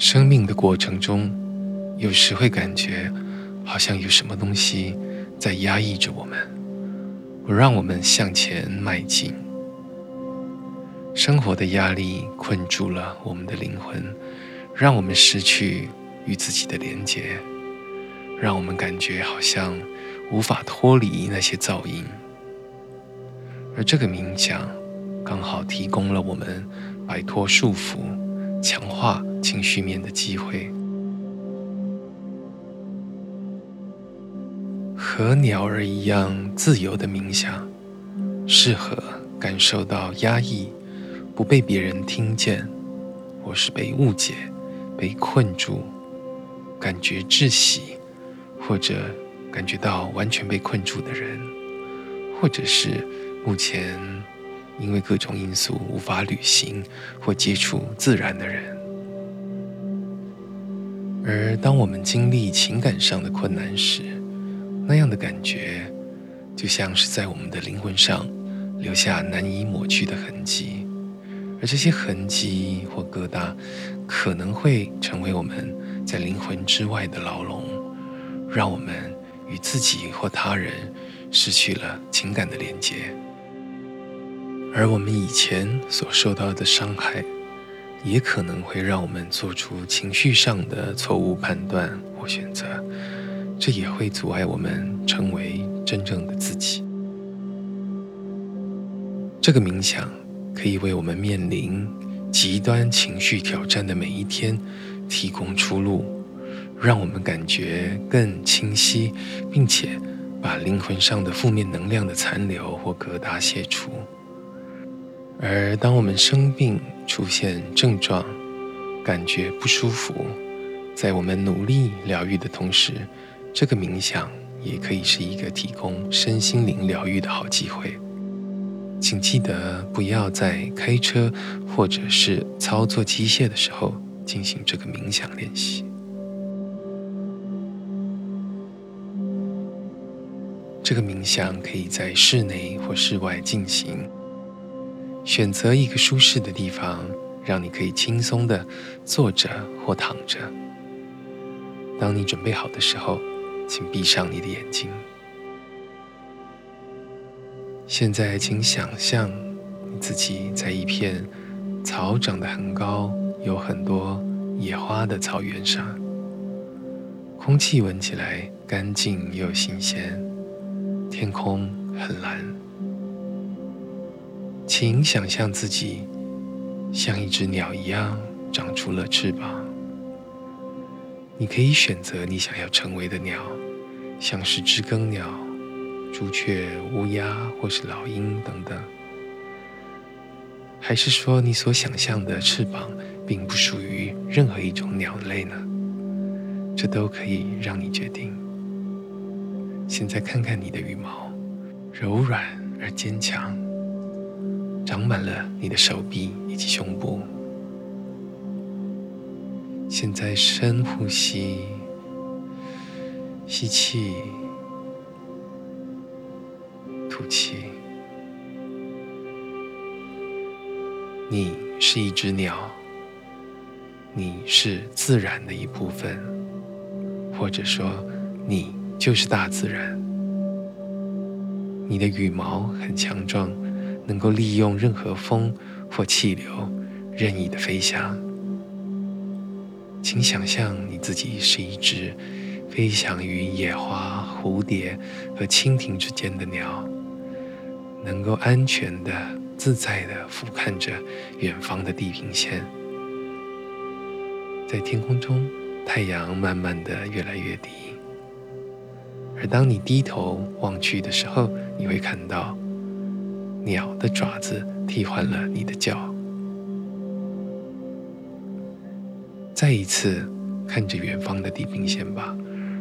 生命的過程中，有時會感覺好像有什麼東西在壓抑着我們，不讓我們向前邁進。生活的壓力困住了我們的靈魂，讓我們失去與自己的連接，讓我們感覺好像無法脫離那些噪音。而這個冥想剛好提供了我們擺脫束縛、強化情緒面的機會，和鳥兒一樣自由的冥想，適合感受到壓抑、不被別人聽見，或是被誤解、被困住、感覺窒息，或者感覺到完全被困住的人，或者是目前因為各種因素無法旅行或接觸自然的人。而當我們經歷情感上的困難時，那樣的感覺就像是在我們的靈魂上留下難以抹去的痕跡，而這些痕跡或疙瘩可能會成為我們在靈魂之外的牢籠，讓我們與自己或他人失去了情感的連接，而我們以前所受到的傷害。也可能會讓我們做出情緒上的錯誤判斷或選擇，這也會阻礙我們成為真正的自己。這個冥想可以為我們面臨極端情緒挑戰的每一天提供出路，讓我們感覺更清晰，並且把靈魂上的負面能量的殘留或疙瘩卸除。而當我們生病，出現症狀，感覺不舒服，在我們努力療癒的同時，這個冥想也可以是一個提供身心靈療癒的好機會。請記得，不要在開車或者是操作機械的時候進行這個冥想練習。這個冥想可以在室內或室外進行。選擇一個舒適的地方，讓你可以輕鬆地坐着或躺着。當你準備好的時候，請閉上你的眼睛。現在，請想象你自己在一片草長得很高、有很多野花的草原上，空氣聞起來乾淨又新鮮，天空很藍。請想象自己像一只鳥一樣長出了翅膀。你可以選擇你想要成為的鳥，像是知更鳥、朱雀、烏鴉，或是老鷹等等。還是說你所想象的翅膀並不屬於任何一種鳥類呢？這都可以讓你決定。現在看看你的羽毛，柔軟而堅強。長滿了你的手臂以及胸部。現在深呼吸，吸氣，吐氣。你是一隻鳥，你是自然的一部分，或者說你就是大自然。你的羽毛很強壯。能夠利用任何風或氣流，任意的飛翔。請想象你自己是一隻飛翔於野花、蝴蝶和蜻蜓之間的鳥，能夠安全的、自在的俯瞰着遠方的地平線。在天空中，太陽慢慢的越來越低。而當你低頭望去的時候，你會看到。鳥的爪子替換了你的腳，再一次看着遠方的地平線吧，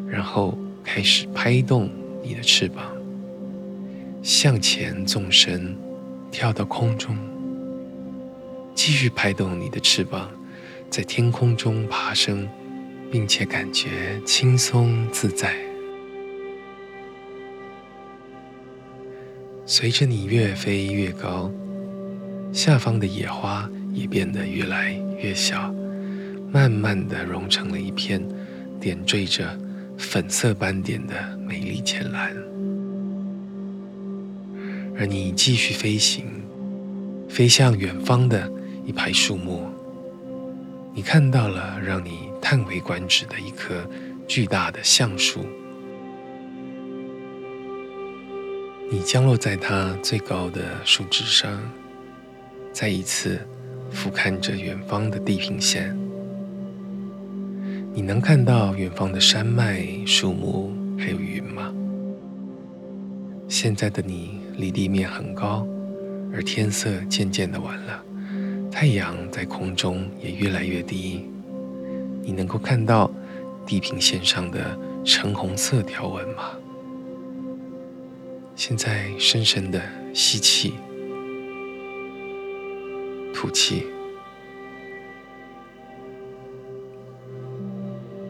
然後開始拍動你的翅膀，向前縱身跳到空中，繼續拍動你的翅膀，在天空中爬升，並且感覺輕鬆自在。隨着你越飛越高，下方的野花也變得越來越小，慢慢的融成了一片點綴着粉色斑點的美麗淺藍。而你繼續飛行，飛向遠方的一排樹木，你看到了讓你嘆為觀止的一棵巨大的橡樹。你降落在它最高的樹枝上，再一次俯瞰着遠方的地平線。你能看到遠方的山脈、樹木還有雲嗎？現在的你離地面很高，而天色漸漸的晚了，太陽在空中也越來越低。你能夠看到地平線上的橙紅色條紋嗎？現在，深深的吸氣，吐氣。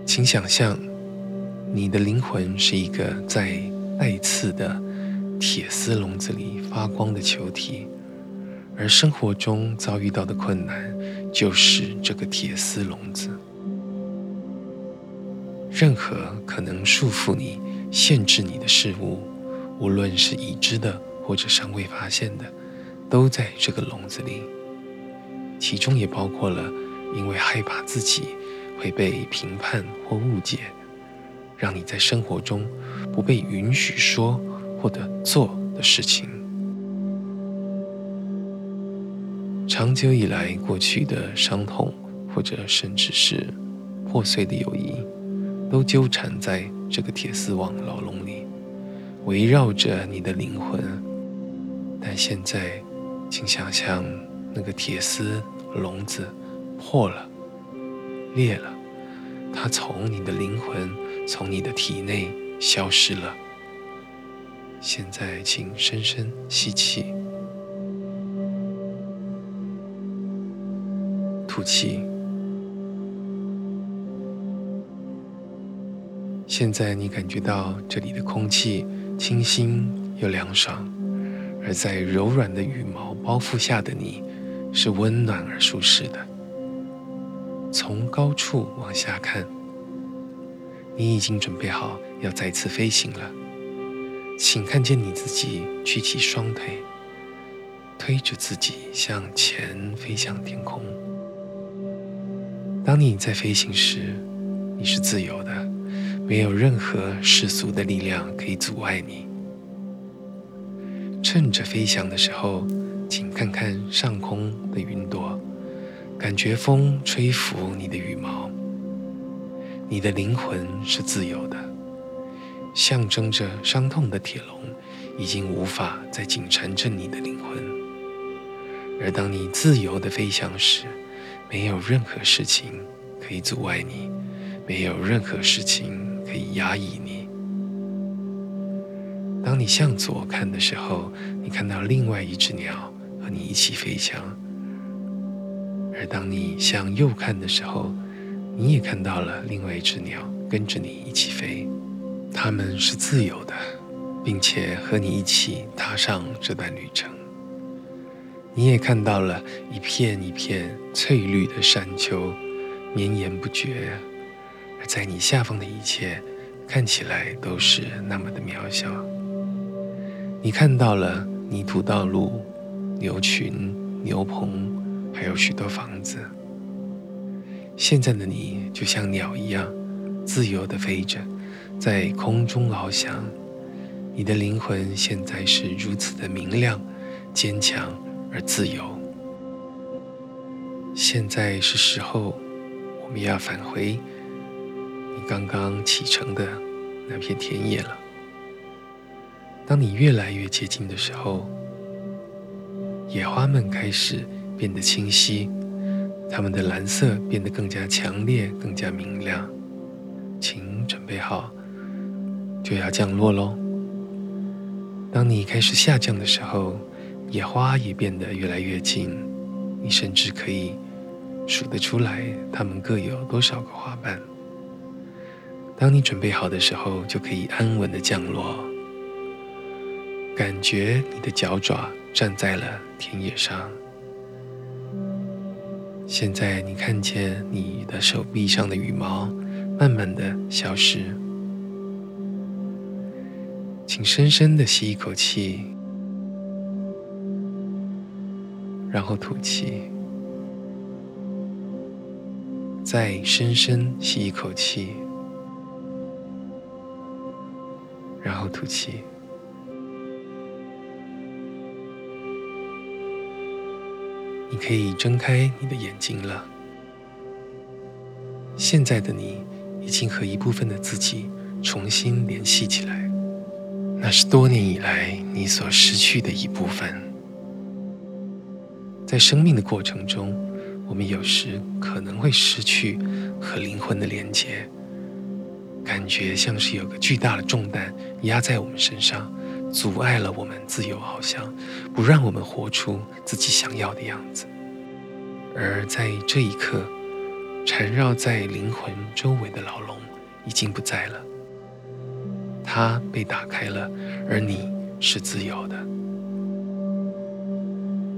請想象，你的靈魂是一個在帶刺的鐵絲籠子裡發光的球體，而生活中遭遇到的困難，就是這個鐵絲籠子。任何可能束縛你、限制你的事物。無論是已知的或者尚未發現的，都在這個籠子裡。其中也包括了，因為害怕自己會被評判或誤解，讓你在生活中不被允許說或者做的事情。長久以來，過去的傷痛或者甚至是破碎的友誼，都糾纏在這個鐵絲網牢籠裡。圍繞着你的靈魂，但現在，請想象那個鐵絲籠子破了，裂了，它從你的靈魂、從你的體內消失了。現在，請深深吸氣，吐氣。現在你感覺到這裡的空氣。清新又涼爽，而在柔軟的羽毛包覆下的你，是溫暖而舒適的。從高處往下看，你已經準備好要再次飛行了。請看見你自己，舉起雙腿，推着自己向前飛向天空。當你在飛行時，你是自由的。沒有任何世俗的力量可以阻礙你。趁着飛翔的時候，請看看上空的雲朵，感覺風吹拂你的羽毛。你的靈魂是自由的，象徵着傷痛的鐵籠已經無法再緊纏着你的靈魂。而當你自由地飛翔時，沒有任何事情可以阻礙你，沒有任何事情。壓抑你。當你向左看的時候，你看到另外一隻鳥和你一起飛翔；而當你向右看的時候，你也看到了另外一隻鳥跟着你一起飛。它們是自由的，並且和你一起踏上這段旅程。你也看到了一片一片翠綠的山丘，綿延不絕；而在你下方的一切。看起來都是那麼的渺小。你看到了泥土道路、牛群、牛棚，還有許多房子。現在的你就像鳥一樣，自由地飛着，在空中翱翔。你的靈魂現在是如此的明亮、堅強而自由。現在是時候，我們要返回你剛剛啟程的那片田野了。當你越來越接近的時候，野花們開始變得清晰，它們的藍色變得更加強烈，更加明亮。請準備好，就要降落嘍。當你開始下降的時候，野花也變得越來越近，你甚至可以數得出來它們各有多少個花瓣。當你準備好的時候，就可以安穩的降落。感覺你的腳爪站在了田野上。現在你看見你的手臂上的羽毛慢慢的消失。請深深的吸一口氣，然後吐氣，再深深吸一口氣。吐氣。你可以睜開你的眼睛了。現在的你已經和一部分的自己重新聯繫起來，那是多年以來你所失去的一部分。在生命的過程中，我們有時可能會失去和靈魂的連接。感覺像是有個巨大的重擔壓在我們身上，阻礙了我們自由翱翔，不讓我們活出自己想要的樣子。而在這一刻，纏繞在靈魂周圍的牢籠已經不在了，它被打開了，而你是自由的。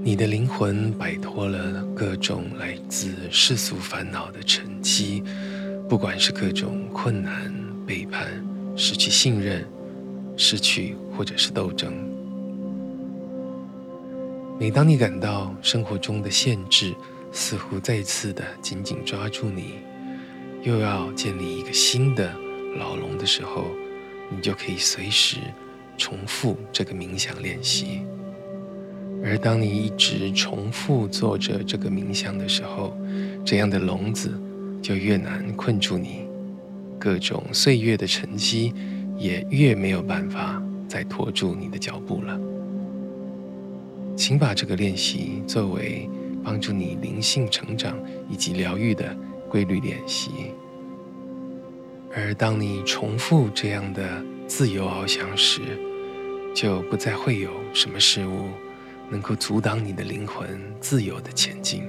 你的靈魂擺脫了各種來自世俗煩惱的沉積，不管是各種困難。背叛、失去信任、失去或者是鬥爭。每當你感到生活中的限制似乎再次的緊緊抓住你，又要建立一個新的牢籠的時候，你就可以隨時重複這個冥想練習。而當你一直重複做着這個冥想的時候，這樣的籠子就越難困住你。各種歲月的沉積，也越沒有辦法再拖住你的腳步了。請把這個練習作為幫助你靈性成長以及療癒的規律練習。而當你重複這樣的自由翱翔時，就不再會有什麼事物能夠阻擋你的靈魂自由的前進。